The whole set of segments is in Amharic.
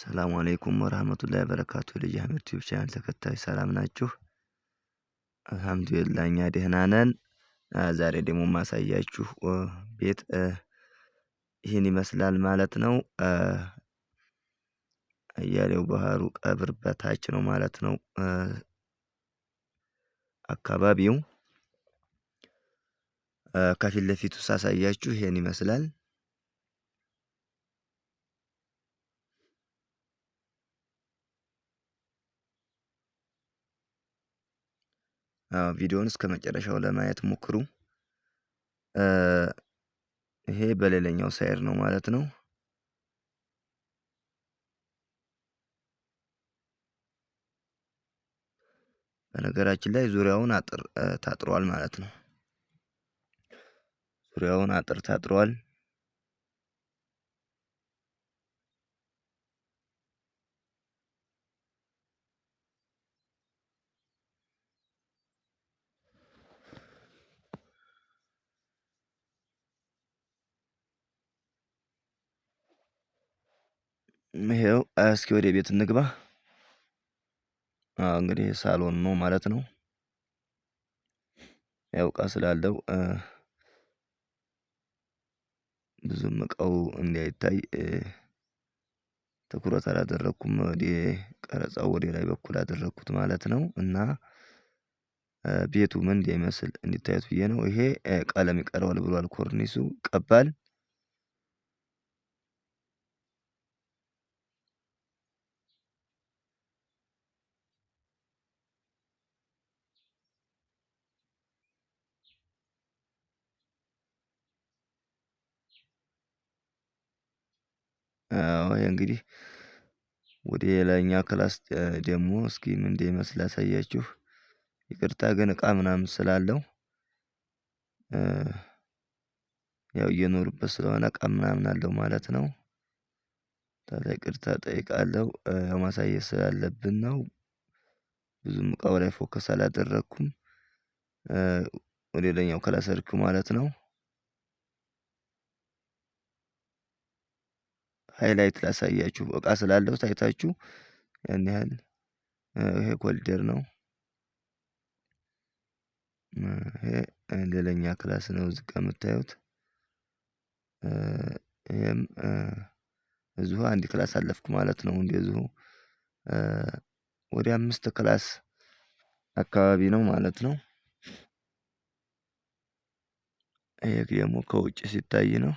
ሰላሙ አለይኩም ወራህመቱላሂ ወበረካቱ ልጅ አህመድ ዩቲዩብ ቻናል ተከታዮች ሰላም ናችሁ? አልሐምዱሊላህ እኛ ደህና ነን። ዛሬ ደግሞ ማሳያችሁ ቤት ይህን ይመስላል ማለት ነው። አያሌው ባህሩ ቀብር በታች ነው ማለት ነው አካባቢው። ከፊት ለፊቱ ሳሳያችሁ ይሄን ይመስላል። ቪዲዮውን እስከ መጨረሻው ለማየት ሞክሩ። ይሄ በሌላኛው ሳይድ ነው ማለት ነው። በነገራችን ላይ ዙሪያውን አጥር ታጥሯል ማለት ነው። ዙሪያውን አጥር ታጥሯል። ይሄው እስኪ ወደ ቤት እንግባ። እንግዲህ ሳሎን ነው ማለት ነው። ያው እቃ ስላለው ብዙም እቃው እንዳይታይ ትኩረት አላደረግኩም። ወደ ቀረጻው ወደ ላይ በኩል አደረግኩት ማለት ነው እና ቤቱ ምን እንዳይመስል እንዲታየት ብዬ ነው። ይሄ ቀለም ይቀረዋል ብሏል ኮርኒሱ ቀባል። እንግዲህ ወደ ሌላኛ ክላስ ደግሞ እስኪ ምን እንደሚመስል ላሳያችሁ። ይቅርታ ግን እቃ ምናምን ስላለው ያው እየኖሩበት ስለሆነ እቃ ምናምን አለው ማለት ነው። ታዲያ ይቅርታ እጠይቃለሁ ያው ማሳየት ስላለብን ነው። ብዙም እቃው ላይ ፎከስ አላደረኩም። ወደ ሌላኛው ክላስ ሄድኩ ማለት ነው ሃይላይት ላሳያችሁ እቃ ስላለው ታይታችሁ ያን ያህል ይሄ ኮሊደር ነው። ይሄ ሌላኛ ክላስ ነው እዚህ ጋር የምታዩት። ይህም እዚሁ አንድ ክላስ አለፍኩ ማለት ነው። እንደዚሁ ወደ አምስት ክላስ አካባቢ ነው ማለት ነው። ይህ ደግሞ ከውጭ ሲታይ ነው።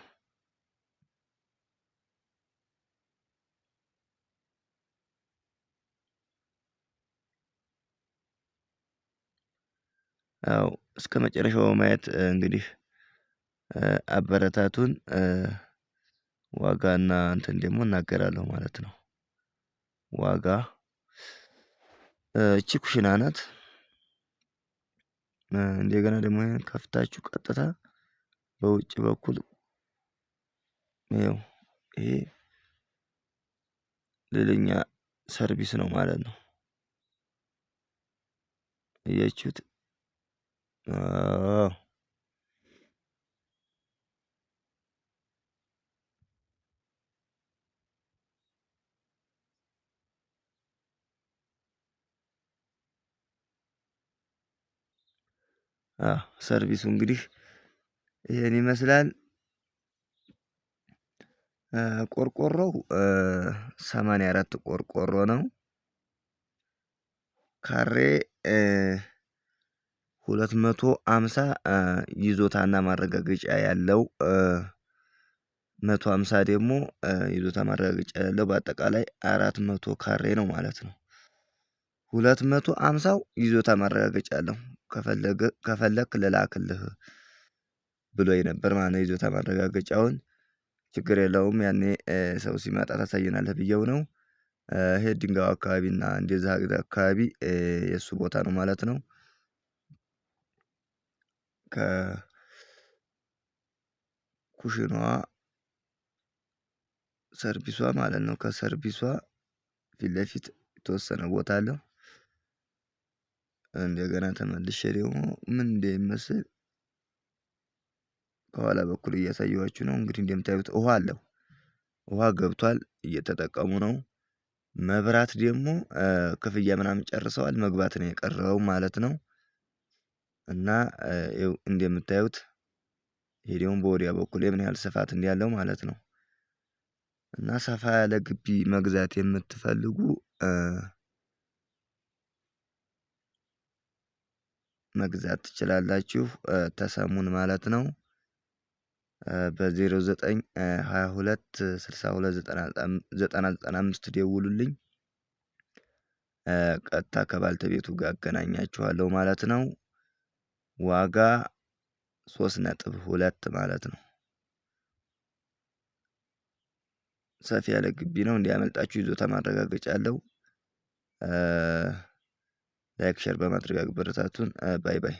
እስከ መጨረሻው ማየት እንግዲህ አበረታቱን ዋጋና እንትን ደግሞ እናገራለሁ ማለት ነው። ዋጋ እቺ ኩሽና ናት። እንደገና ደግሞ ይሄን ከፍታችሁ ቀጥታ በውጭ በኩል ይኸው ይሄ ሌላኛ ሰርቪስ ነው ማለት ነው። እያችሁት አዎ ሰርቪሱ እንግዲህ ይሄን ይመስላል። ቆርቆሮው ሰማንያ አራት ቆርቆሮ ነው። ካሬ ሁለት መቶ ሃምሳ ይዞታና ማረጋገጫ ያለው መቶ አምሳ ደግሞ ይዞታ ማረጋገጫ ያለው በአጠቃላይ አራት መቶ ካሬ ነው ማለት ነው። ሁለት መቶ አምሳው ይዞታ ማረጋገጫ ያለው ከፈለገ ከፈለክ ልላክልህ ብሎኝ ነበር ማለት ነው። ይዞታ ማረጋገጫውን ችግር የለውም ያኔ ሰው ሲመጣ ታሳየናለህ ብየው ነው። ይሄ ድንጋዩ አካባቢ እና እንደዛ አካባቢ የእሱ ቦታ ነው ማለት ነው ከኩሽናዋ ሰርቪሷ ማለት ነው ከሰርቪሷ ፊት ለፊት የተወሰነ ቦታ አለው። እንደገና ተመልሼ ደግሞ ምን እንደሚመስል ከኋላ በኩል እያሳየኋችሁ ነው። እንግዲህ እንደምታዩት ውሃ አለው ውሃ ገብቷል እየተጠቀሙ ነው። መብራት ደግሞ ክፍያ ምናምን ጨርሰዋል መግባት ነው የቀረው ማለት ነው እና እንደምታዩት ይሄ ደግሞ በወዲያ በኩል የምን ያህል ስፋት እንዳለው ማለት ነው። እና ሰፋ ያለ ግቢ መግዛት የምትፈልጉ መግዛት ትችላላችሁ ተሰሙን ማለት ነው። በዜሮ ዘጠኝ ሀያ ሁለት ስልሳ ሁለት ዘጠና ዘጠና አምስት ደውሉልኝ። ቀጥታ ከባልተቤቱ ጋር አገናኛችኋለሁ ማለት ነው። ዋጋ ሶስት ነጥብ ሁለት ማለት ነው። ሰፊ ያለ ግቢ ነው። እንዲያመልጣችሁ ይዞታ ማረጋገጫ አለው። ላይክ ሸር በማድረግ አግበረታቱን። ባይ ባይ